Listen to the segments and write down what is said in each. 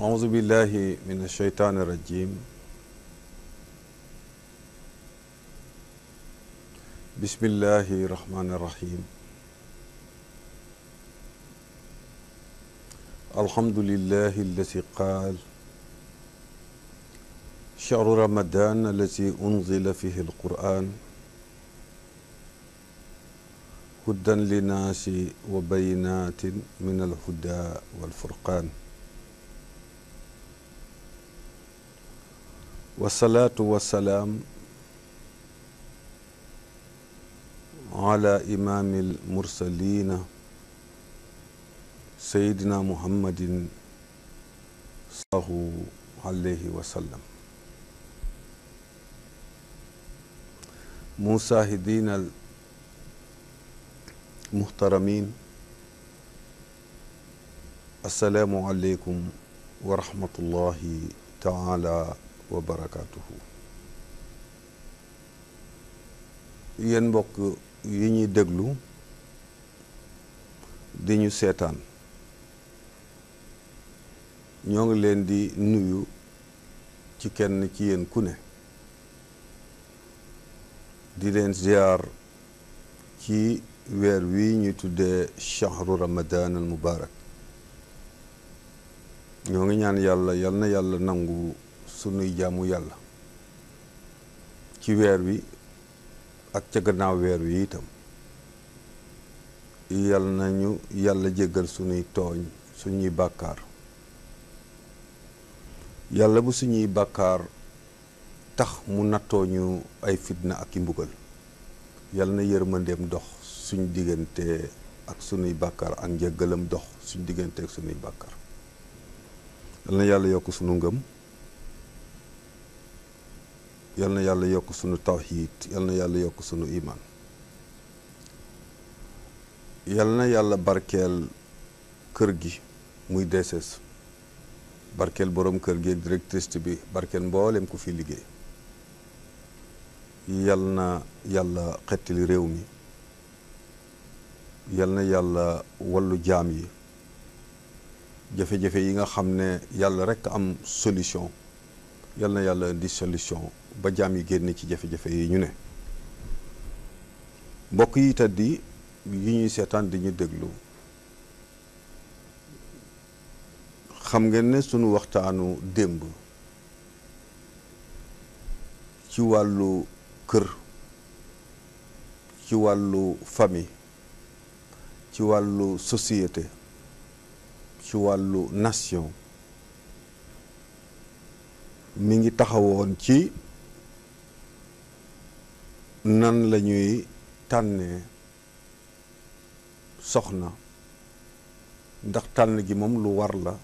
أعوذ بالله من الشيطان الرجيم بسم الله الرحمن الرحيم الحمد لله الذي قال شهر رمضان الذي أنزل فيه القرآن هدى للناس وبينات من الهدى والفرقان والصلاة والسلام على إمام المرسلين سيدنا محمد صلى الله عليه وسلم مساهدين muhtaramin assalaamu aleykum wa rahmatullahi taala wa barakaatuhu mbokk yi ñuy déglu di ñu seetaan ñoo ngi leen di nuyu ci kenn ci yéen ku di leen ziar ci weer wi ñu tuddee shahru ramadan al mubarak ñoo ngi ñaan yàlla yal na yàlla nangu sunuy jaamu yàlla ci weer wi ak ca gannaaw weer wi itam na ñu yàlla jéggal sunuy tooñ suñuy bàkkaar yàlla bu suñuy bàkkaar tax mu nattoo ñu ay fitna ak i mbugal yal na yërmandeem dox suñu diggante ak suñuy bàkkaar ak njëggalam dox suñu diggante ak suñuy bàkkaar yal na yàlla yokk sunu ngëm yal na yàlla yokk sunu tawxiid yal na yàlla yokk sunu imaan yal na yàlla barkeel kër gi muy deesees barkeel boroom kër gi ak directrice bi barkeel mbooleem ku fi liggéey yal na yàlla xettali réew mi yal yàlla wàllu jaam yi jafe-jafe yi nga xam ne yàlla rekk am solution yal na yàlla di solution ba jaam yi génn ci jafe-jafe yi ñu ne mbokk yi taddi yi ñuy seetaan di ñu déglu xam ngeen ne sunu waxtaanu démb ci wàllu kër ci wàllu famille ci wàllu société ci wàllu nation mi ngi taxawoon ci nan lañuy ñuy tànnee soxna ndax tànn gi moom lu war la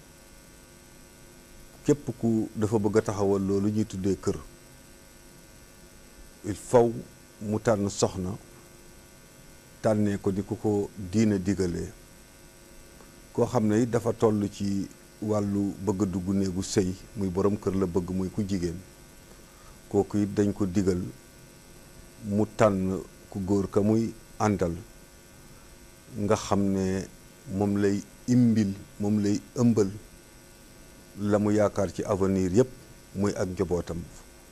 képp ku dafa bëgg a taxawal loolu ñuy tuddee kër il faut mu tànn soxna tànnee ko ni ku ko diina digalee koo xam ne dafa toll ci wàllu bëgg a dugg néegu sëy muy boroom kër la bëgg muy ku jigéen kooku it dañ ko digal mu tànn ku góor ka muy àndal nga xam ne moom lay imbil moom lay ëmbal la mu yaakaar ci avenir yépp muy ak njabootam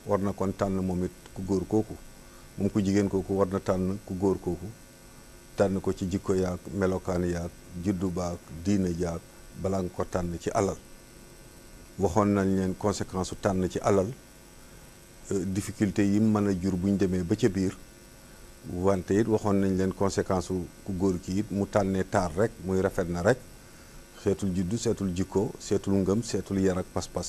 war na kon tànn moom it ku góor kooku moom ku jigéen kooku war na tànn ku góor kooku tànn ko ci jikko yaag melokaan yaag juddu baag diine jaag balaa nga ko tànn ci alal waxoon nañ leen conséquence su tànn ci alal euh, difficulté yi mën a jur bu ñu demee ba ca biir wante it waxoon nañ leen conséquence su ku góor ki it mu tànnee taar rek muy rafet na rek seetul juddu seetul jikko seetul ngëm seetul yar ak pas-pas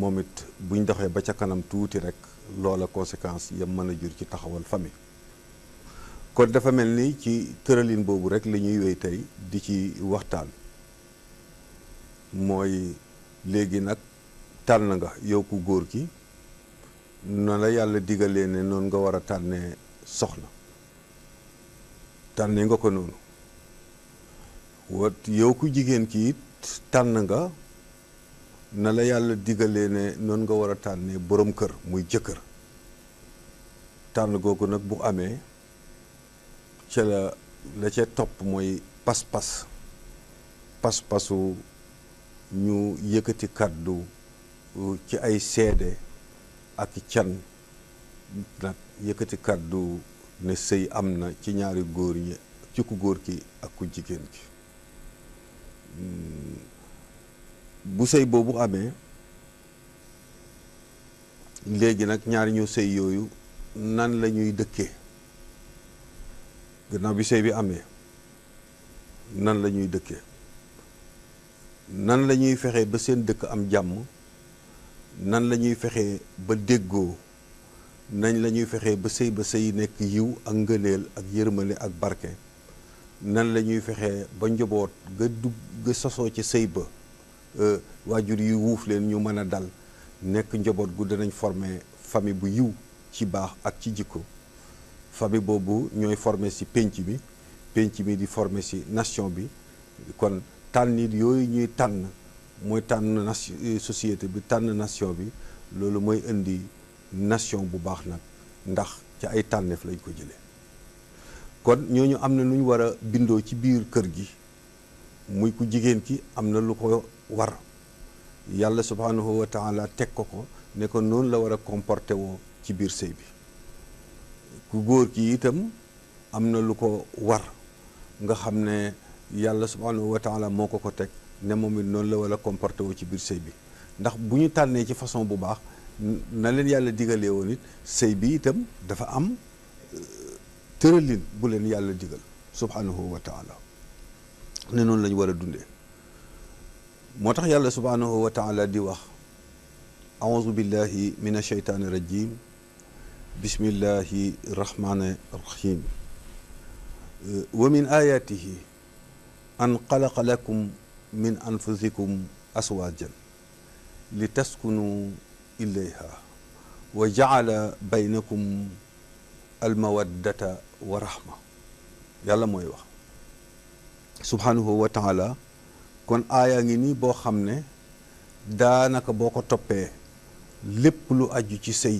moom it buñ doxee ba ca kanam tuuti rek loola conséquence yam mën a jur ci taxawal fami kon dafa mel ni ci tëralin boobu rek la ñuy wéy tey di ci waxtaan mooy léegi nag tànn nga yow ku góor ki na la yàlla digalee ne noonu nga war a tànnee soxna tànnee nga ko noonu wat yow ku jigéen ki tànn nga na la yàlla digalee ne noonu nga war a tànnee boroom kër muy jëkkër tànn googu nag bu amee ca la la ca topp mooy pas-pas pas-pasu ñu yëkkati kàddu uh, ci ay seede ak can nag yëkkati kàddu ne sëy am na ci ñaari góor ñi ci ku góor ki ak ku jigéen ki hmm. bu sëy boobu amee léegi nag ñaari ñu sëy yooyu nan lañuy dëkkee gannaaw bi sëy bi amee nan la ñuy dëkkee nan lañuy fexee ba seen dëkk am jàmm nan la ñuy fexee ba déggoo nañ la ñuy fexee ba sëy ba sëy nekk yiw ak ngëneel ak yërmande ak barke nan la ñuy fexee ba njaboot ga dugg ga sosoo ci sëy ba e, waajur yi wuuf leen ñu mën a dal nekk njaboot gu danañ former famille bu yiw ci baax ak ci jikko famille boobu ñooy formé si pénc bi pénc bi di formé si nation bi kon tànn nit yooyu ñuy tànn mooy tànn nation société bi tànn nation bi loolu mooy indi nation bu baax nag ndax ci ay tànneef lañ ko jëlee kon ñooñu am na lu ñu war a bindoo ci biir kër gi muy ku jigéen ki am na lu ko war yàlla subhaanahu wa taala teg ko ko ne ko noonu la war a comporté woo ci biir sëy bi ku góor ki itam am na lu ko war nga xam ne yàlla subhanahu wa taala moo ko ko teg ne moom it noonu la wala comporté wu ci biir sëy bi ndax bu ñu tànnee ci façon bu baax na leen yàlla digalee woon it sëy bi itam dafa am euh, tëralin bu leen yàlla digal subhanahu wa taala ne noonu la ñu war a dundee moo tax yàlla subhanahu wa di wax aouzu billahi min asheytaani rajim bismillahi rahmaani rahim wa min ayaatihi an xalaqa lakum min anfusikum aswaajan li taskunu ilayha wa jaala baynakum almawaddata wa rahma yàlla mooy wax subhaanahu wa taala kon aayaa ngi nii boo xam ne daanaka boo ko toppee lépp lu aju ci sëy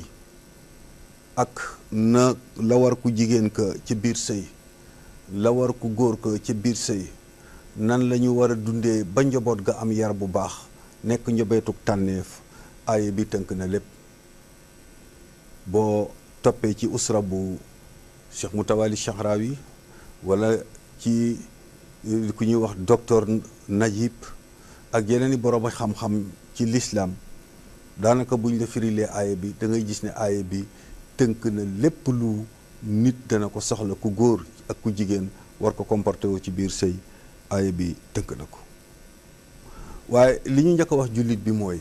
ak na la war ku jigéen ko ci biir sëy la war ku góor ko ca biir sëy nan lañu ñu war a dundee ba njaboot ga am yar bu baax nekk njobeetuk tànneef aaye bi tënk na lépp boo toppee ci usra bu Cheikh Moutawalli Chahrawi wala ci eh, ku ñuy wax docteur Najib ak yeneen i borom xam-xam ci lislaam daanaka buñ la firilee aaye bi da gis ne aaye bi tënk na lépp lu nit dana ko soxla ku góor ak ku jigéen war ko comporté woo ci biir sëy aaya bi tënk na ko waaye li ñu njëkk wax jullit bi mooy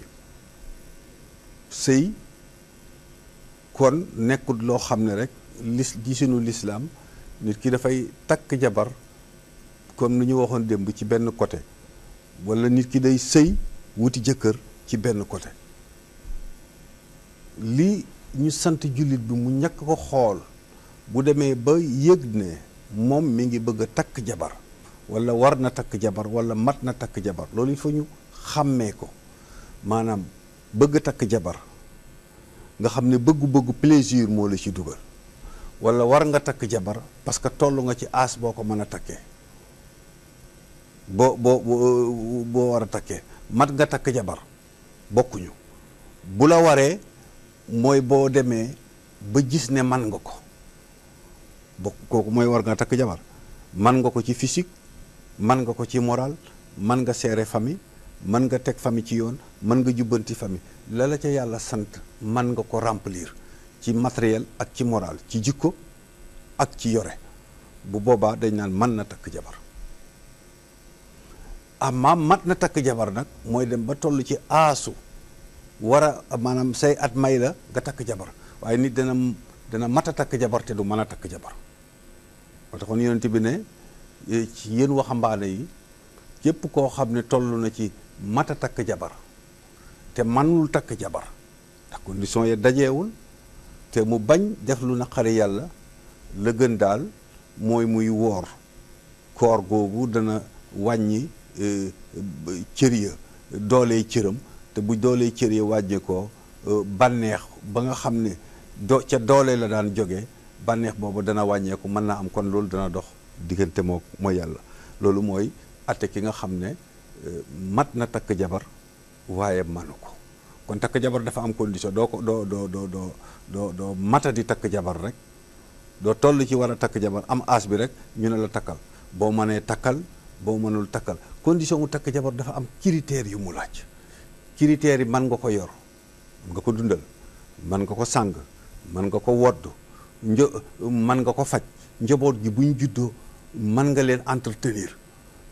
sëy kon nekkut loo xam ne rek lis gisinu lislaam nit ki dafay takk jabar comme lu ñu waxoon démb ci benn côté wala nit ki day sëy wuti jëkkër ci benn côté lii ñu sant jullit bi mu ñekk ko xool bu demee ba yëg ne moom mi ngi bëgg a takk jabar wala war na takk jabar wala mat na takk jabar loolu il faut ñu xàmmee ko maanaam bëgg takk jabar nga xam ne bëggu-bëggu plaisir moo ci dugal wala war nga takk jabar parce que toll nga ci aas boo ko mën a takkee boo boo boo war a takkee mat nga takk jabar bokkuñu bu la waree mooy boo demee ba gis ne man nga ko bokk kooku mooy war nga takk jabar man nga ko ci physique man nga ko ci moral man nga seere famille man nga teg fami ci yoon man nga jubbanti famille la la ca yàlla sant man nga ko remplir ci matériel ak ci moral ci jikko ak ci yore bu boobaa dañ naan man na takk jabar amma mat na takk jabar nag mooy dem ba toll ci aasu war a maanaam say at may la nga takk jabar waaye nit dana dana mat a takk jabar te du mën a takk jabar moo taxoon yonent bi ne e, ci yéen waxambaane yi képp koo xam ne toll na ci mat a takk jabar te mënul takk jabar ndax condition ya dajeewul te mu bañ def lu naqari yàlla la gën daal mooy muy woor koor googu dana wàññi e, cër ya doole cëram bu doolee cër yi wàññeekoo euh, bànneex ba nga xam ne do ca doole la daan joge bànneex boobu dana wàññeeku mën naa am kon loolu dana dox diggante mook moo yàlla loolu mooy atte ki nga xam ne euh, mat na takk jabar waaye manu ko kon takk jabar dafa am condition doo ko doo doo doo doo doo doo mata di takk jabar rek doo toll ci war a takk jabar am as bi rek ñu ne la takkal boo mënee takkal boo mënul takkal condition mu takk jabar dafa am critères yu mu laaj critères yi mën nga ko yor mën nga ko dundal mën nga ko sàng mën nga ko wodd një mën nga ko faj njaboot gi buñ juddoo mën nga leen entretenir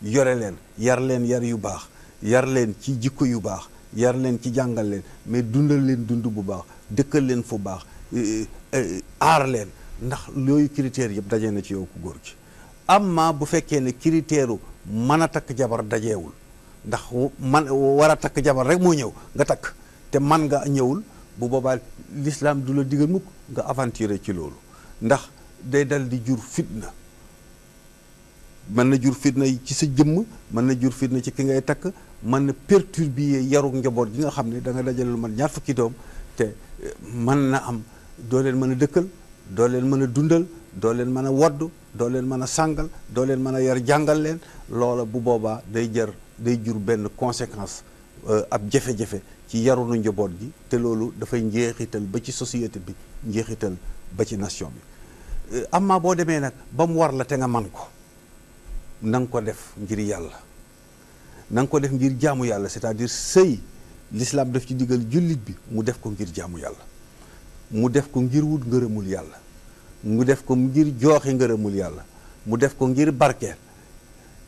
yore leen yar leen yar yu baax yar leen ci jikko yu baax yar leen ci jàngal leen mais dundal leen dund bu baax dëkkal leen fu baax euh, euh, aar leen ndax looyu critères yëpp daje na ci yow ku góor gi amma bu fekkee ne critère u mën a takk jabar dajewul ndax man war a takk jabar rek moo ñëw nga takk te man nga ñëwul bu boobaa lislaam du la digal mukk nga aventurer ci loolu ndax day dal di jur fitna mën na jur fitna ci sa jëmm mën na jur fitna ci ki ngay takk mën na perturber yarug njaboot gi nga xam ne da nga dajale lu man ñaar fukki doom te eh, mën na am doo leen mën a dëkkal doo leen mën a dundal doo leen mën a wodd doo leen mën a sàngal doo leen mën a yar jàngal leen loola bu boobaa day jër day jur benn conséquence euh, ab jafe-jafe ci yarunu njaboot bi te loolu dafay njeexital ba ci société bi njeexital ba ci nation bi euh, amma boo demee nag ba mu war la te nga man ko na ko def ngir yàlla nang ko def ngir jaamu yàlla c'est-à-dire sëy lislaam daf ci digal jullit bi mu def ko ngir jaamu yàlla mu def ko ngir wut ngërëmul yàlla mu def ko ngir jooxi ngërëmul yàlla mu def ko ngir barkeel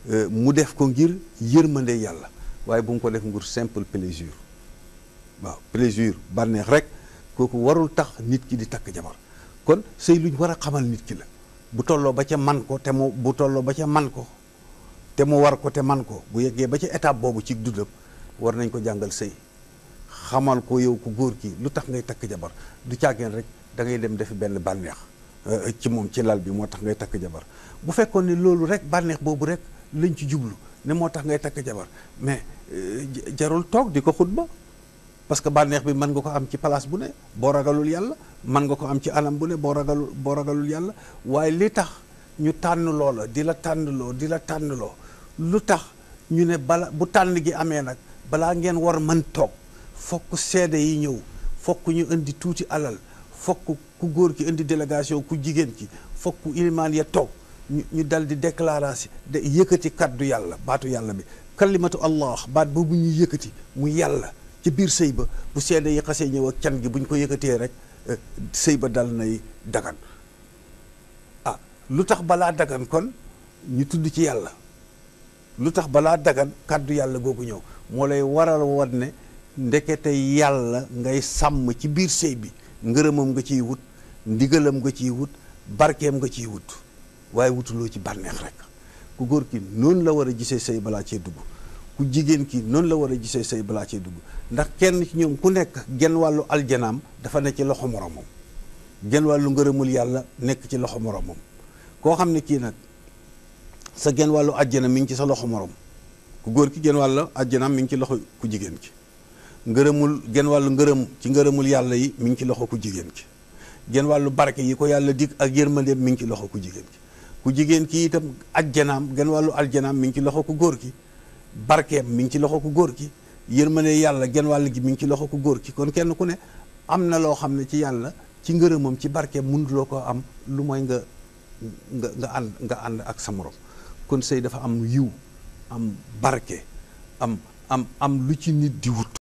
Euh, mu def ko ngir yërmande yàlla waaye bu mu ko def nguur simple plaisir waaw plaisir bànneex rek kooku warul tax nit ki di takk jabar kon sëy luñ war a xamal nit ki la bu tolloo ba ca man ko te mu bu tolloo ba ca man ko te mu war ko te man ko bu yeggee ba ca étape boobu ci dundam war nañ ko jàngal sëy xamal ko yow ku góor ki lu tax ngay takk jabar du caageen rek da ngay dem def benn bànneex euh, ci moom ci lal bi moo tax ngay takk jabar bu fekkoon ne loolu rek bànneex boobu rek lañ ci jublu ne moo tax ngay takk jabar mais euh, jarul toog di ko xutba parce que bànneex bi mën nga ko am ci place bu ne boo ragalul yàlla mën nga ko am ci anam bu ne boo ragalul boo ragalul yàlla waaye li tax ñu tànn loola di la tànn loo di la tànn loo lu tax ñu ne bala bu tànn gi amee nag balaa ngeen war mën toog fokk seede yi ñëw fokk ñu indi tuuti alal fokk ku góor ki indi délégation ku jigéen ki fokk ilimaan ya toog ñu dal di déclaration de yëkkati kàddu yàlla baatu yàlla bi kalimatu allah baat boobu ñuy yëkkati mu yàlla ci biir sëy ba bu seede yi xasee ñëw ak can gi bu ñu ko yëkkatee rek eh, sëy ba dal nay dagan a ah, lu tax balaa dagan kon ñu tudd ci yàlla lu tax balaa dagan kàddu yàlla googu ñëw moo lay waral woon ne ndekete yàlla ngay sàmm ci biir sëy bi ngërëmam nga ciy wut ndigalam nga ciy wut barkeem nga ciy wut waaye wutuloo ci bànneex rek ku góor ki noonu la war a gisee say balaa cee dugg ku jigéen ki noonu la war a gisee say balaa cee dugg ndax kenn ci ñoom ku nekk genn wàllu aljanaam dafa ne ci loxo moromam genn wàllu ngërëmul yàlla nekk ci loxo moromam koo xam ne kii nag sa genn wàllu àjjana mi ngi ci sa loxo morom ku góor ki genn wàllu àjjanaam mi ngi ci loxo ku jigéen ki ngërëmul genn wàllu ngërëm ci ngërëmul yàlla yi mi ngi ci loxo ku jigéen ki wàllu barke yi ko yàlla dig ak yërmandeem mi ngi ci loxo ku jigéen ki ku jigéen ki itam ak aljanaam genn wàllu aljanaam mi ngi ci loxo ku góor ki barkeem mi ngi ci loxo ku góor ki ne yàlla genn wàll gi mi ngi ci loxo ku góor ki kon kenn ku ne am na loo xam ne ci yàlla ci ngërëmam ci barkeem mënuloo ko am lu mooy nga nga nga ànd nga ànd ak sa moroom kon sëy dafa am yiw am barke am am am lu ci nit di wut